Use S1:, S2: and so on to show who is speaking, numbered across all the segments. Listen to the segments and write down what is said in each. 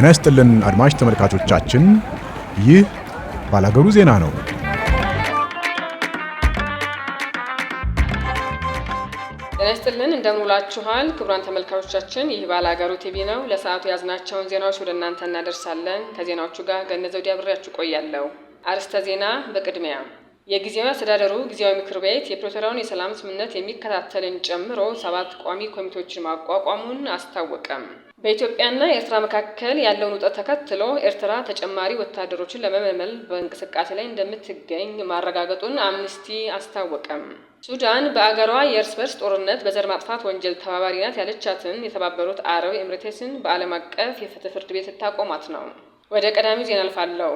S1: ጤና ይስጥልን አድማጭ ተመልካቾቻችን፣ ይህ ባላገሩ ዜና ነው።
S2: ጤና ይስጥልን እንደምውላችኋል ክቡራን ተመልካቾቻችን፣ ይህ ባላገሩ ቲቪ ነው። ለሰዓቱ ያዝናቸውን ዜናዎች ወደ እናንተ እናደርሳለን። ከዜናዎቹ ጋር ገነ ዘውዴ አብሬያችሁ ቆያለሁ። አርዕስተ ዜና በቅድሚያ የጊዜያዊ አስተዳደሩ ጊዜያዊ ምክር ቤት የፕሪቶሪያውን የሰላም ስምምነት የሚከታተልን ጨምሮ ሰባት ቋሚ ኮሚቴዎችን ማቋቋሙን አስታወቀም። በኢትዮጵያና ኤርትራ መካከል ያለውን ውጥረት ተከትሎ ኤርትራ ተጨማሪ ወታደሮችን ለመመልመል በእንቅስቃሴ ላይ እንደምትገኝ ማረጋገጡን አምነስቲ አስታወቀም። ሱዳን በአገሯ የእርስ በርስ ጦርነት በዘር ማጥፋት ወንጀል ተባባሪ ናት ያለቻትን የተባበሩት አረብ ኤምሬቴስን በዓለም አቀፍ የፍትህ ፍርድ ቤት ልታቆማት ነው። ወደ ቀዳሚው ዜና አልፋለሁ።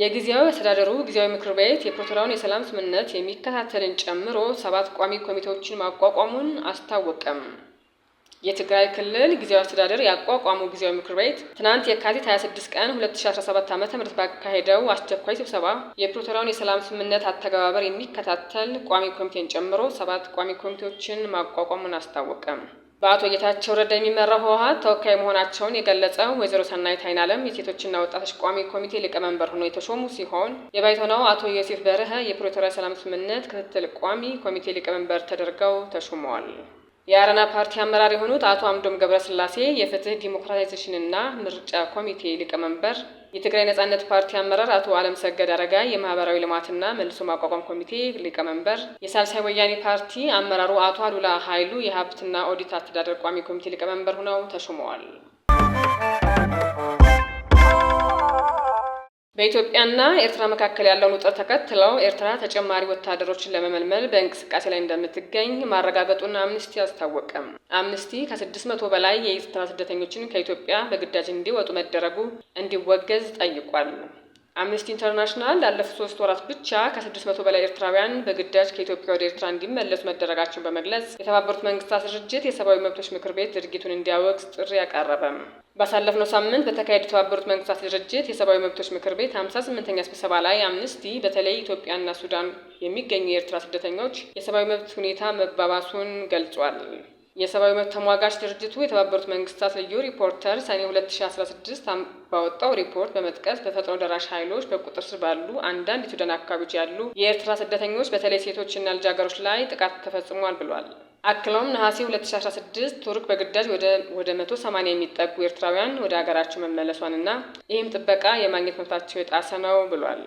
S2: የጊዜያዊ አስተዳደሩ ጊዜያዊ ምክር ቤት የፕሪቶሪያውን የሰላም ስምምነት የሚከታተልን ጨምሮ ሰባት ቋሚ ኮሚቴዎችን ማቋቋሙን አስታወቀም። የትግራይ ክልል ጊዜያዊ አስተዳደር ያቋቋመው ጊዜያዊ ምክር ቤት ትናንት የካቲት 26 ቀን 2017 ዓ ም ባካሄደው አስቸኳይ ስብሰባ የፕሪቶሪያውን የሰላም ስምምነት አተገባበር የሚከታተል ቋሚ ኮሚቴን ጨምሮ ሰባት ቋሚ ኮሚቴዎችን ማቋቋሙን አስታወቀም። በአቶ ጌታቸው ረዳ የሚመራው ህወሀት ተወካይ መሆናቸውን የገለጸው ወይዘሮ ሰናይት አይናለም የሴቶችና ወጣቶች ቋሚ ኮሚቴ ሊቀመንበር ሆኖ የተሾሙ ሲሆን የባይቶናው አቶ ዮሴፍ በርሀ የፕሪቶሪያ ሰላም ስምምነት ክትትል ቋሚ ኮሚቴ ሊቀመንበር ተደርገው ተሹመዋል። የአረና ፓርቲ አመራር የሆኑት አቶ አምዶም ገብረስላሴ የፍትህ ዲሞክራታይዜሽንና ምርጫ ኮሚቴ ሊቀመንበር የትግራይ ነጻነት ፓርቲ አመራር አቶ አለም ሰገድ አረጋ፣ የማህበራዊ ልማትና መልሶ ማቋቋም ኮሚቴ ሊቀመንበር፣ የሳልሳይ ወያኔ ፓርቲ አመራሩ አቶ አሉላ ኃይሉ የሀብትና ኦዲት አስተዳደር ቋሚ ኮሚቴ ሊቀመንበር ሆነው ተሹመዋል። በኢትዮጵያና ኤርትራ መካከል ያለውን ውጥረት ተከትለው ኤርትራ ተጨማሪ ወታደሮችን ለመመልመል በእንቅስቃሴ ላይ እንደምትገኝ ማረጋገጡን አምነስቲ አስታወቀም። አምነስቲ ከስድስት መቶ በላይ የኤርትራ ስደተኞችን ከኢትዮጵያ በግዳጅ እንዲወጡ መደረጉ እንዲወገዝ ጠይቋል። አምነስቲ ኢንተርናሽናል ላለፉት ሶስት ወራት ብቻ ከስድስት መቶ በላይ ኤርትራውያን በግዳጅ ከኢትዮጵያ ወደ ኤርትራ እንዲመለሱ መደረጋቸውን በመግለጽ የተባበሩት መንግስታት ድርጅት የሰብአዊ መብቶች ምክር ቤት ድርጊቱን እንዲያወግዝ ጥሪ አቀረበም። ባሳለፍነው ሳምንት በተካሄዱ የተባበሩት መንግስታት ድርጅት የሰብአዊ መብቶች ምክር ቤት ሀምሳ ስምንተኛ ስብሰባ ላይ አምነስቲ በተለይ ኢትዮጵያና ሱዳን የሚገኙ የኤርትራ ስደተኞች የሰብአዊ መብት ሁኔታ መባባሱን ገልጿል። የሰብአዊ መብት ተሟጋች ድርጅቱ የተባበሩት መንግስታት ልዩ ሪፖርተር ሰኔ 2016 ባወጣው ሪፖርት በመጥቀስ በፈጥኖ ደራሽ ኃይሎች በቁጥር ስር ባሉ አንዳንድ የሱዳን አካባቢዎች ያሉ የኤርትራ ስደተኞች በተለይ ሴቶችና ልጃገሮች ላይ ጥቃት ተፈጽሟል ብሏል። አክለውም ነሐሴ 2016 ቱርክ በግዳጅ ወደ 180 የሚጠጉ ኤርትራውያን ወደ ሀገራቸው መመለሷንና ይህም ጥበቃ የማግኘት መብታቸው የጣሰ ነው ብሏል።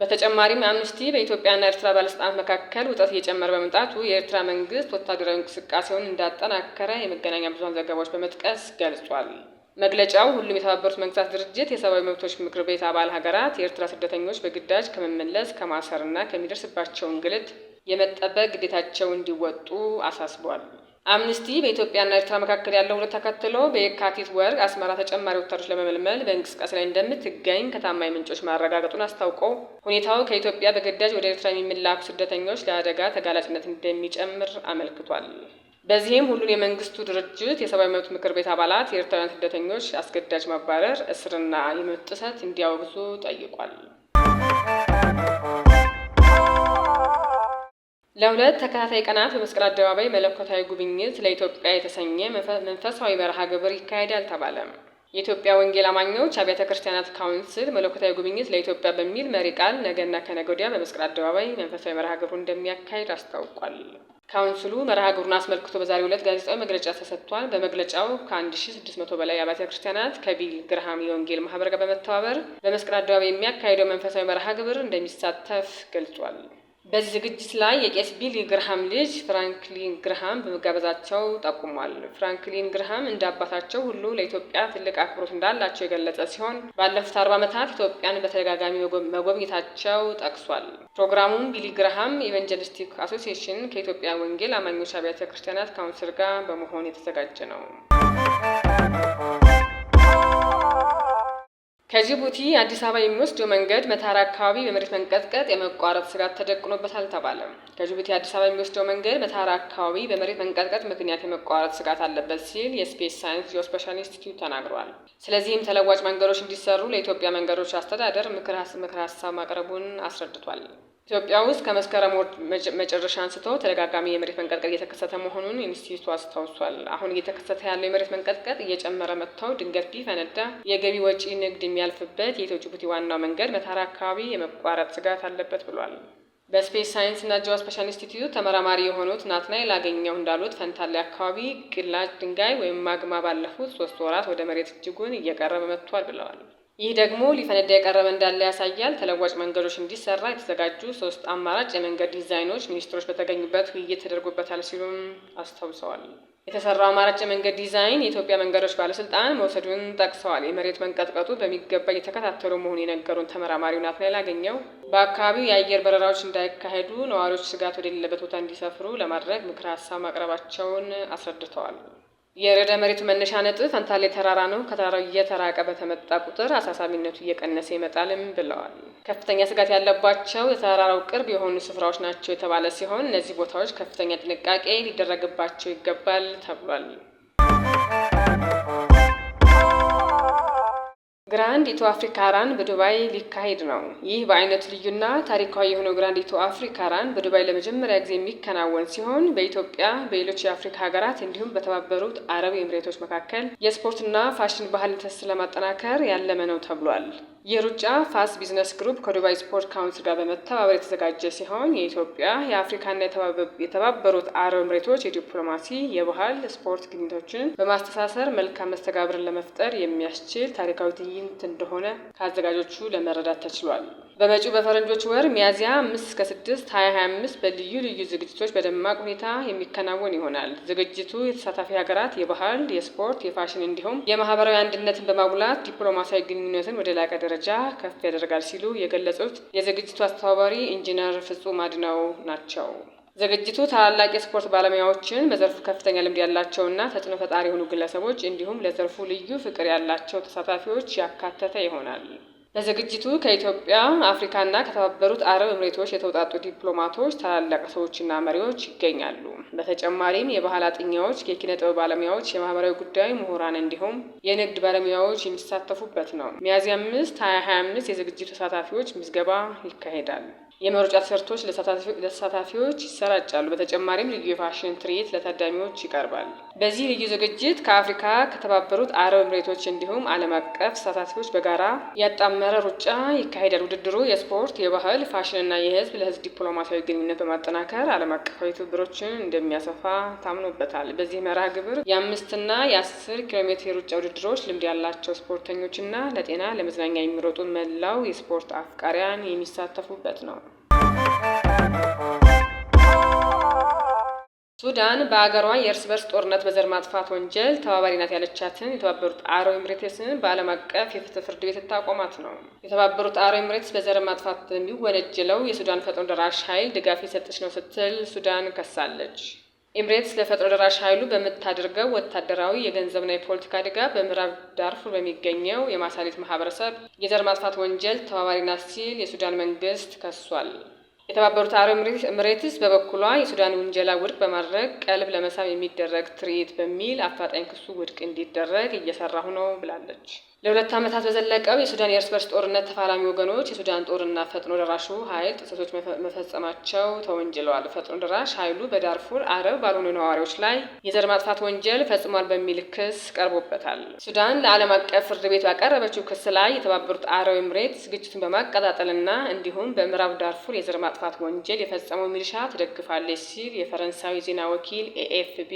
S2: በተጨማሪም አምነስቲ በኢትዮጵያና ኤርትራ ባለስልጣናት መካከል ውጥረት እየጨመረ በመምጣቱ የኤርትራ መንግስት ወታደራዊ እንቅስቃሴውን እንዳጠናከረ የመገናኛ ብዙሃን ዘገባዎች በመጥቀስ ገልጿል። መግለጫው ሁሉም የተባበሩት መንግስታት ድርጅት የሰብአዊ መብቶች ምክር ቤት አባል ሀገራት የኤርትራ ስደተኞች በግዳጅ ከመመለስ ከማሰርና ከሚደርስባቸው እንግልት የመጠበቅ ግዴታቸው እንዲወጡ አሳስቧል። አምኒስቲ በኢትዮጵያና ኤርትራ መካከል ያለው ሁለት ተከትሎ በየካቲት ወር አስመራ ተጨማሪ ወታደሮች ለመመልመል በእንቅስቃሴ ላይ እንደምትገኝ ከታማኝ ምንጮች ማረጋገጡን አስታውቆ ሁኔታው ከኢትዮጵያ በግዳጅ ወደ ኤርትራ የሚላኩ ስደተኞች ለአደጋ ተጋላጭነት እንደሚጨምር አመልክቷል። በዚህም ሁሉን የመንግስቱ ድርጅት የሰብአዊ መብት ምክር ቤት አባላት የኤርትራውያን ስደተኞች አስገዳጅ ማባረር፣ እስርና የመብት ጥሰት እንዲያወግዙ ጠይቋል። ለሁለት ተከታታይ ቀናት በመስቀል አደባባይ መለኮታዊ ጉብኝት ለኢትዮጵያ የተሰኘ መንፈሳዊ መርሃ ግብር ይካሄዳል ተባለ። የኢትዮጵያ ወንጌል አማኞች አብያተ ክርስቲያናት ካውንስል መለኮታዊ ጉብኝት ለኢትዮጵያ በሚል መሪ ቃል ነገና ከነገ ወዲያ በመስቀል አደባባይ መንፈሳዊ መርሃ ግብሩ እንደሚያካሂድ አስታውቋል። ካውንስሉ መርሃ ግብሩን አስመልክቶ በዛሬው ዕለት ጋዜጣዊ መግለጫ ተሰጥቷል። በመግለጫው ከ1600 በላይ አብያተ ክርስቲያናት ከቢል ግርሃም የወንጌል ማህበር ጋር በመተባበር በመስቀል አደባባይ የሚያካሄደው መንፈሳዊ መርሃ ግብር እንደሚሳተፍ ገልጿል። በዚህ ዝግጅት ላይ የቄስ ቢል ግርሃም ልጅ ፍራንክሊን ግርሃም በመጋበዛቸው ጠቁሟል። ፍራንክሊን ግርሃም እንደ አባታቸው ሁሉ ለኢትዮጵያ ትልቅ አክብሮት እንዳላቸው የገለጸ ሲሆን ባለፉት አርባ ዓመታት ኢትዮጵያን በተደጋጋሚ መጎብኘታቸው ጠቅሷል። ፕሮግራሙም ቢሊ ግርሃም ኢቫንጀሊስቲክ አሶሲሽን ከኢትዮጵያ ወንጌል አማኞች አብያተ ክርስቲያናት ካውንስል ጋር በመሆን የተዘጋጀ ነው። ከጅቡቲ አዲስ አበባ የሚወስደው መንገድ መታራ አካባቢ በመሬት መንቀጥቀጥ የመቋረጥ ስጋት ተደቅኖበታል ተባለ። ከጅቡቲ አዲስ አበባ የሚወስደው መንገድ መታራ አካባቢ በመሬት መንቀጥቀጥ ምክንያት የመቋረጥ ስጋት አለበት ሲል የስፔስ ሳይንስ ጂኦስፓሻል ኢንስቲትዩት ተናግሯል። ስለዚህም ተለዋጭ መንገዶች እንዲሰሩ ለኢትዮጵያ መንገዶች አስተዳደር ምክር ሀሳብ ማቅረቡን አስረድቷል። ኢትዮጵያ ውስጥ ከመስከረም ወር መጨረሻ አንስቶ ተደጋጋሚ የመሬት መንቀጥቀጥ እየተከሰተ መሆኑን ኢንስቲትዩቱ አስታውሷል። አሁን እየተከሰተ ያለው የመሬት መንቀጥቀጥ እየጨመረ መጥተው ድንገት ቢፈነዳ የገቢ ወጪ ንግድ የሚያልፍበት የኢትዮ ጅቡቲ ዋናው መንገድ መታራ አካባቢ የመቋረጥ ስጋት አለበት ብሏል። በስፔስ ሳይንስ እና ጂኦ ስፔሻል ኢንስቲትዩት ተመራማሪ የሆኑት ናትናይ ላገኘው እንዳሉት ፈንታሌ አካባቢ ግላጭ ድንጋይ ወይም ማግማ ባለፉት ሶስት ወራት ወደ መሬት እጅጉን እየቀረበ መጥቷል ብለዋል። ይህ ደግሞ ሊፈነዳ የቀረበ እንዳለ ያሳያል። ተለዋጭ መንገዶች እንዲሰራ የተዘጋጁ ሶስት አማራጭ የመንገድ ዲዛይኖች ሚኒስትሮች በተገኙበት ውይይት ተደርጎበታል ሲሉም አስታውሰዋል። የተሰራው አማራጭ የመንገድ ዲዛይን የኢትዮጵያ መንገዶች ባለስልጣን መውሰዱን ጠቅሰዋል። የመሬት መንቀጥቀጡ በሚገባ እየተከታተሉ መሆኑን የነገሩን ተመራማሪው ናትናኤል አገኘው በአካባቢው የአየር በረራዎች እንዳይካሄዱ ነዋሪዎች ስጋት ወደሌለበት ቦታ እንዲሰፍሩ ለማድረግ ምክረ ሀሳብ ማቅረባቸውን አስረድተዋል። የርዕደ መሬቱ መነሻ ነጥብ ፈንታሌ ተራራ ነው። ከተራራው እየተራቀ በተመጣ ቁጥር አሳሳቢነቱ እየቀነሰ ይመጣልም ብለዋል። ከፍተኛ ስጋት ያለባቸው የተራራው ቅርብ የሆኑ ስፍራዎች ናቸው የተባለ ሲሆን እነዚህ ቦታዎች ከፍተኛ ጥንቃቄ ሊደረግባቸው ይገባል ተብሏል። ግራንድ ኢትዮ አፍሪካ ራን በዱባይ ሊካሄድ ነው። ይህ በአይነቱ ልዩና ታሪካዊ የሆነው ግራንድ ኢትዮ አፍሪካ ራን በዱባይ ለመጀመሪያ ጊዜ የሚከናወን ሲሆን በኢትዮጵያ፣ በሌሎች የአፍሪካ ሀገራት እንዲሁም በተባበሩት አረብ ኤምሬቶች መካከል የስፖርትና ፋሽን ባህል ትስስር ለማጠናከር ያለመ ነው ተብሏል። የሩጫ ፋስ ቢዝነስ ግሩፕ ከዱባይ ስፖርት ካውንስል ጋር በመተባበር የተዘጋጀ ሲሆን የኢትዮጵያ የአፍሪካና የተባበሩት አረብ ኤምሬቶች የዲፕሎማሲ፣ የባህል፣ ስፖርት ግንኙነቶችን በማስተሳሰር መልካም መስተጋብርን ለመፍጠር የሚያስችል ታሪካዊ ትዕይንት እንደሆነ ከአዘጋጆቹ ለመረዳት ተችሏል። በመጪው በፈረንጆች ወር ሚያዝያ አምስት እስከ ስድስት ሀያ ሀያ አምስት በልዩ ልዩ ዝግጅቶች በደማቅ ሁኔታ የሚከናወን ይሆናል። ዝግጅቱ የተሳታፊ ሀገራት የባህል፣ የስፖርት፣ የፋሽን እንዲሁም የማህበራዊ አንድነትን በማጉላት ዲፕሎማሲያዊ ግንኙነትን ወደ ላቀ ደረጃ ከፍ ያደርጋል ሲሉ የገለጹት የዝግጅቱ አስተባባሪ ኢንጂነር ፍጹም አድነው ናቸው። ዝግጅቱ ታላላቅ የስፖርት ባለሙያዎችን በዘርፉ ከፍተኛ ልምድ ያላቸውና ተጽዕኖ ፈጣሪ የሆኑ ግለሰቦች እንዲሁም ለዘርፉ ልዩ ፍቅር ያላቸው ተሳታፊዎች ያካተተ ይሆናል። በዝግጅቱ ከኢትዮጵያ፣ አፍሪካና ከተባበሩት አረብ ኤምሬቶች የተውጣጡ ዲፕሎማቶች፣ ታላላቅ ሰዎችና መሪዎች ይገኛሉ። በተጨማሪም የባህል አጥኚዎች፣ የኪነ ጥበብ ባለሙያዎች፣ የማህበራዊ ጉዳይ ምሁራን እንዲሁም የንግድ ባለሙያዎች የሚሳተፉበት ነው። ሚያዝያ አምስት ሀያ ሀያ አምስት የዝግጅቱ ተሳታፊዎች ምዝገባ ይካሄዳል። የመሮጫ ትሰርቶች ለተሳታፊዎች ይሰራጫሉ። በተጨማሪም ልዩ የፋሽን ትርኢት ለታዳሚዎች ይቀርባል። በዚህ ልዩ ዝግጅት ከአፍሪካ ከተባበሩት አረብ ኤምሬቶች እንዲሁም ዓለም አቀፍ ተሳታፊዎች በጋራ ያጣመረ ሩጫ ይካሄዳል። ውድድሩ የስፖርት፣ የባህል፣ ፋሽንና የህዝብ ለህዝብ ዲፕሎማሲያዊ ግንኙነት በማጠናከር ዓለም አቀፋዊ ትብብሮችን እንደሚያሰፋ ታምኖበታል። በዚህ መርሃ ግብር የአምስትና የአስር ኪሎ ሜትር የሩጫ ውድድሮች ልምድ ያላቸው ስፖርተኞችና ለጤና ለመዝናኛ የሚሮጡ መላው የስፖርት አፍቃሪያን የሚሳተፉበት ነው። ሱዳን በአገሯ የእርስ በርስ ጦርነት በዘር ማጥፋት ወንጀል ተባባሪ ያለቻትን የተባበሩት አረብ ኤምሬትስን በዓለም አቀፍ የፍትህ ፍርድ ቤት ታቋማት ነው። የተባበሩት አረብ ኤምሬትስ በዘር ማጥፋት በሚወነጀለው የሱዳን ፈጥኖ ደራሽ ኃይል ድጋፍ የሰጠች ነው ስትል ሱዳን ከሳለች። ኤምሬትስ ለፈጥኖ ደራሽ ኃይሉ በምታደርገው ወታደራዊ የገንዘብና የፖለቲካ ድጋፍ በምዕራብ ዳርፉር በሚገኘው የማሳሌት ማህበረሰብ የዘር ማጥፋት ወንጀል ተባባሪ ሲል የሱዳን መንግስት ከሷል። የተባበሩት አረብ ኤምሬትስ በበኩሏ የሱዳን ውንጀላ ውድቅ በማድረግ ቀልብ ለመሳብ የሚደረግ ትርኢት በሚል አፋጣኝ ክሱ ውድቅ እንዲደረግ እየሰራሁ ነው ብላለች። ለሁለት ዓመታት በዘለቀው የሱዳን የእርስ በርስ ጦርነት ተፋላሚ ወገኖች የሱዳን ጦርና ፈጥኖ ደራሹ ኃይል ጥሰቶች መፈጸማቸው ተወንጅለዋል። ፈጥኖ ደራሽ ኃይሉ በዳርፉር አረብ ባልሆኑ ነዋሪዎች ላይ የዘር ማጥፋት ወንጀል ፈጽሟል በሚል ክስ ቀርቦበታል። ሱዳን ለዓለም አቀፍ ፍርድ ቤት ባቀረበችው ክስ ላይ የተባበሩት አረብ ኤምሬትስ ግጭቱን በማቀጣጠልና እንዲሁም በምዕራብ ዳርፉር የዘር ማጥፋት ወንጀል የፈጸመው ሚሊሻ ትደግፋለች ሲል የፈረንሳዊ ዜና ወኪል ኤኤፍቢ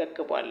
S2: ዘግቧል።